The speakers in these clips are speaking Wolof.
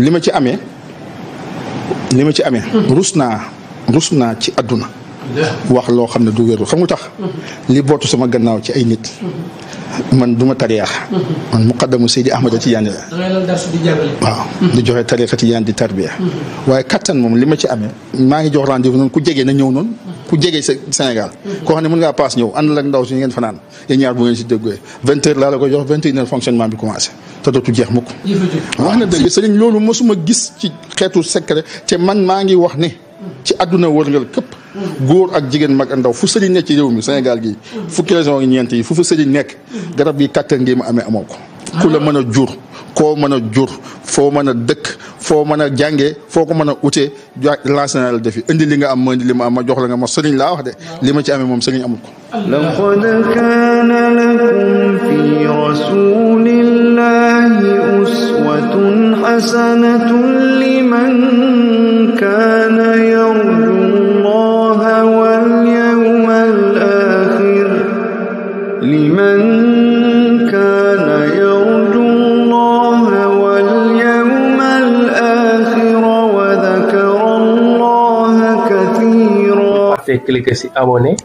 li ma ci amee li ma ci amee. rus naa rus naa ci àdduna. wax loo xam ne du wéru xamu tax. li bootu sama gannaaw ci ay nit. man du ma tariyax. man muqaddamu Seydi Ahmad Tijaani la. waaw. di joxe a Tijaani di tarbiya. Hmm. waaye kàttan moom li ma ci amee. maa ngi jox rendez-vous noonu ku jege na ñëw noonu. ku jege sa Sénégal. ko xam ne mën ngaa paas ñëw àndal ak ndaw si ngeen fanaan yéen ñaar bu ngeen si déggee vingt heures laa la koy jox vingt et une heures fonctionnement bi commencé te dootu jeex mukk na dëgg sëriñ loolu mosuma gis ci xeetu secret te man maa ngi wax ni ci àdduna wërngal këpp. góor ak jigéen mag ndaw fu sëriñ ne ci réew mi Sénégal gii. fukki région yi ñeent yi fu fa sëriñ nekk. garab yi kàttan ngi ma amee amoo ko. كل من جور كو من جور فو من دك فو من جانجي فو كو من اوتي لانسنا الدفي اندي ليغا ام اندي ليما ما جوخ ليغا ما لا واخ دي ليما تي امي موم كان لكم في رسول الله اسوه حسنه لمن كان يرجو cliquer si abonné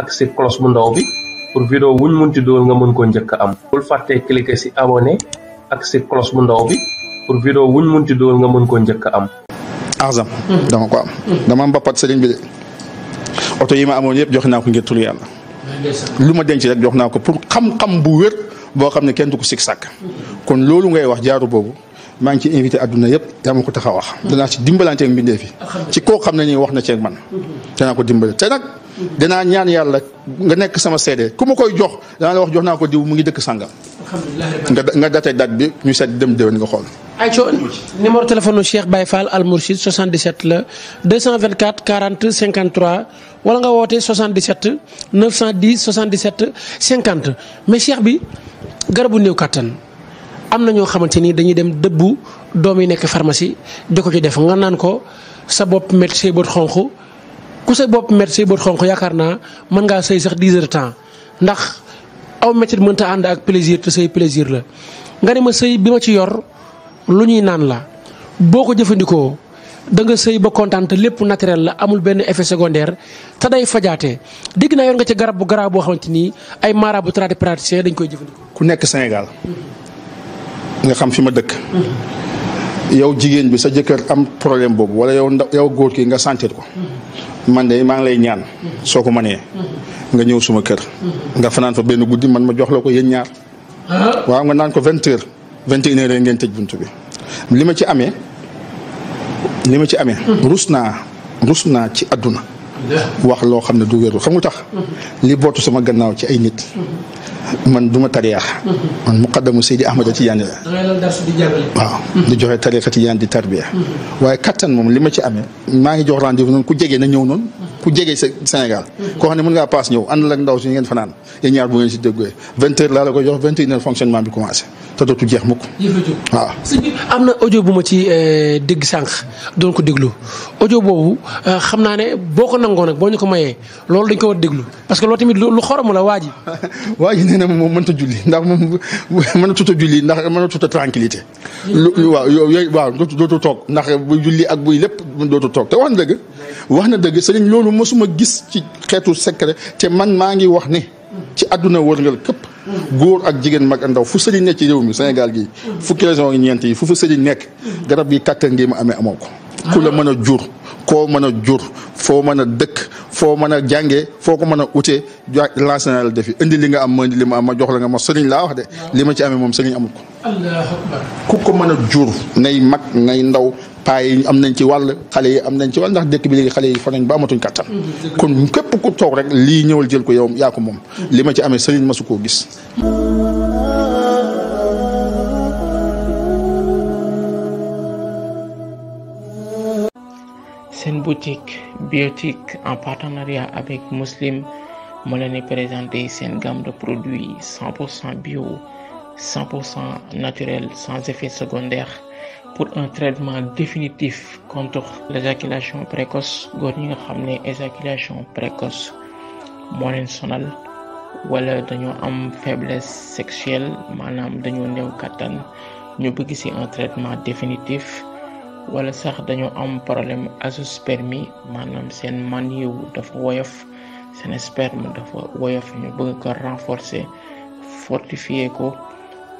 ak si cloche bu ndaw bi pour vidéo wuñ munti dool nga mën ko njëkk am bul fàttee cliquer si abonné ak si cloche bu ndaw bi pour vidéo wuñ munti dool nga mën koo njëkk a am arzam hmm. dama ko am hmm. dama mbappat bi de oto yi ma amoon yëpp joxe naa ko ngir turu lu ma denc rek jox naa ko pour xam-xam bu wér boo xam ne kenn du ko sik sàkk hmm. kon loolu ngay wax jaaru boobu maa ngi ci invité adduna yëpp dama ko taxa wax. Mm-hmm. danaa ci dimbalanteeg mbindee fi. ci koo xam ne nii wax na ceeg man. Mm-hmm. danaa ko dimbale te nag. Mm-hmm. danaa ñaan yàlla nga nekk sama seede ku ma koy jox danaa la wax jox naa ko diw mu ngi dëkk sàngam. nga nga date date bi ñu set dem déwén nga xool. ayco numéro téléphone Cheikh Baye Fall Al Mourchid 77 la 224 40 53 wala nga woote 77 910 77 50 mais Cheikh bi garabu néew kattan. am na ñoo xamante ni dañuy dem dëbbu doom yi nekk pharmacie di ko ci def nga naan ko sa bopp métti say bët xonq ku sa bopp métti say bët xonq yaakaar naa mën ngaa sëy sax 10 heures de temps ndax aw métti mënta ànd ak plaisir te say plaisir la. nga ne ma sëy bi ma ci yor lu ñuy naan la boo ko jëfandikoo da sëy ba kontaan te lépp naturel la amul benn effet secondaire te day fajaate dégg naa yor nga ci garab bu garaaw boo xamante ni ay marabu tradipraticien dañ koy jëfandikoo. ku nekk Sénégal. Mm-hmm. nga xam fi ma dëkk. yow jigéen bi sa jëkkër am problème boobu wala yow ndaw yow góor ki nga sentir ko. man de maa ngi lay ñaan. soo ko manee nga ñëw suma kër. nga fanaan fa benn guddi man ma jox la ko yéen ñaar. waaw nga naan ko vingt heures vingt et une heures ngeen tëj buntu bi li ma ci amee. li ma ci amee. rus naa rus naa ci àdduna. wax loo xam ne du wéru xam nga tax li bootu sama gannaaw ci ay nit man du ma tariix man muqaddamu Seydi Ahmada Tidiane la waaw di joxe tariixa Tidiane di tarbiya waaye kattan moom li ma ci amee ma ngi jox rendez-vous noonu ku jegee na ñëw noonu ku jege Sénégal. koo xam ne mën ngaa paas ñëw àndal ak ndaw si ngeen fanaan yéen ñaar bu ngeen si déggee vingt heures laa la koy jox vingt et une fonctionnement bi commencé te dootu jeex mukk. am na audio bu ma ci euh, dégg sànq doon ko déglu audio euh, xam naa ne boo ko nangoo nag boo ñu ko mayee loolu dañ ko war déglu parce que loolu tamit lu xorom la waa ji. waa ji nee na moom mënut a julli ndax moom a a julli ndax mënatut a tranquillité. lu waaw yooyu waaw dootu toog ndax buy julli ak buy lépp dootu toog te wax dëgg wax na dëgg sëriñ loolu mosuma gis ci xeetu secret te man maa ngi wax ni ci àdduna wërngal këpp góor ak jigéen mag ak ndaw fu sëriñ nekk ci réew mi Sénégal gi fukki yi ñeent yi fu fu nekk garab yi kàttan ngi ma amee amoo ko ku la mën a jur koo mën a jur foo mën a dëkk foo mën a jàngee foo ko mën a utee lancé na la defi indi li nga am ma indi li ma am ma jox la nga ma sëriñ laa wax de li ma ci amee moom sëriñ amul ko ku ko mën a jur nay mag ngay ndaw paa yi am nañ ci wàll xale yi am nañ ci wàll ndax dëkk bi léegi xale yi fa nañ ba amatuñ kàttan kon képp ku toog rek lii ñëwal jël ko yow yaa ko moom li ma ci amee sëriñ masu gis boutique biotique en partenariat avec Muslim moo présente di présenter seen gamme de produits 100 bio 100 naturel sans effet secondaire pour un traitement définitif contre l'éjaculation précoce góor ñi nga éjaculation précoce moo leen sonal wala dañoo am faiblesse sexuelle maanaam dañoo néew kàttan ñu bëgg ci un traitement définitif ou wala sax dañoo am problème azoospermie maanaam seen man yiw dafa woyof un sperme dafa woyof ñu bëgg ko renforcer fortifier ko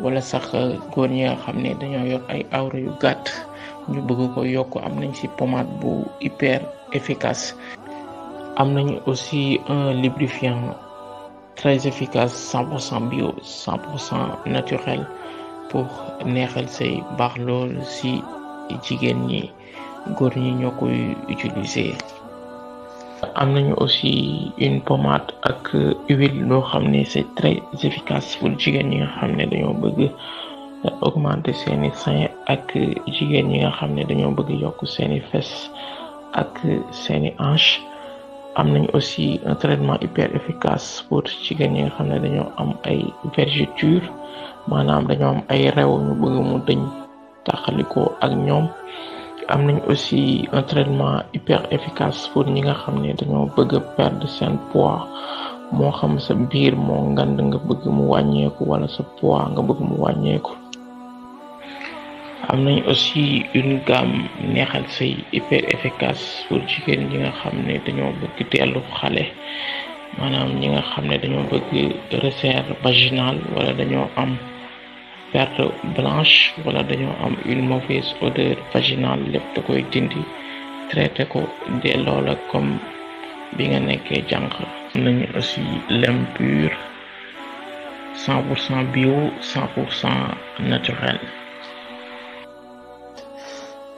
wala sax euh, góor ñi nga xam ne dañoo yor ay awra yu gàtt ñu bëgg ko yokk am nañ si pommade bu hyper efficace am nañu aussi un lubrifiant très efficace 100% bio 100% naturel pour neexal say baax lool si jigéen ñi góor ñi ñoo koy utiliser. amnañu aussi une pommade ak huile loo xamné c'est très efficace pour jigéen ñi nga xam bëgg euh, augmenter seeni sein ak jigéen yi nga xamné dañu bëgg yok seni fesses ak seni hanches amnañu aussi un traitement hyper efficace pour jigéen ñi nga xam ne am ay vergetures manam dañu am ay rew ñu bëgg mu dëñ taxaliko ak ñom am nañ aussi un traitement hyper efficace pour ñi nga xamné ne dañoo bëgg perdre sen poids mo xam sa biir mo ngand nga bëgg mu wàññeeku wala sa poids nga bëgg mu wàññeeku am nañ aussi une gamme neexal say hyper efficace pour jigéen ñi nga xamné dañoo bëgg téllu xalé manam ñi nga xamné dañoo bëgg resert vaginal wala dañoo am perte blanche wala dañoo am une mauvaise odeur vaginale lépp da koy dindi traité ko delloo la kom bi nga nekkee jànq nañu aussi lem pur cent pour cent bio cent pour cent naturel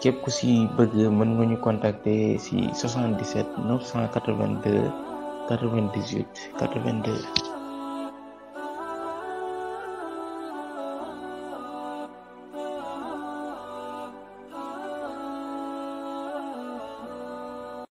képp ku si bëgg mën nga ñu contacter si 77 982 98 82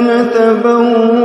مريم تبوأ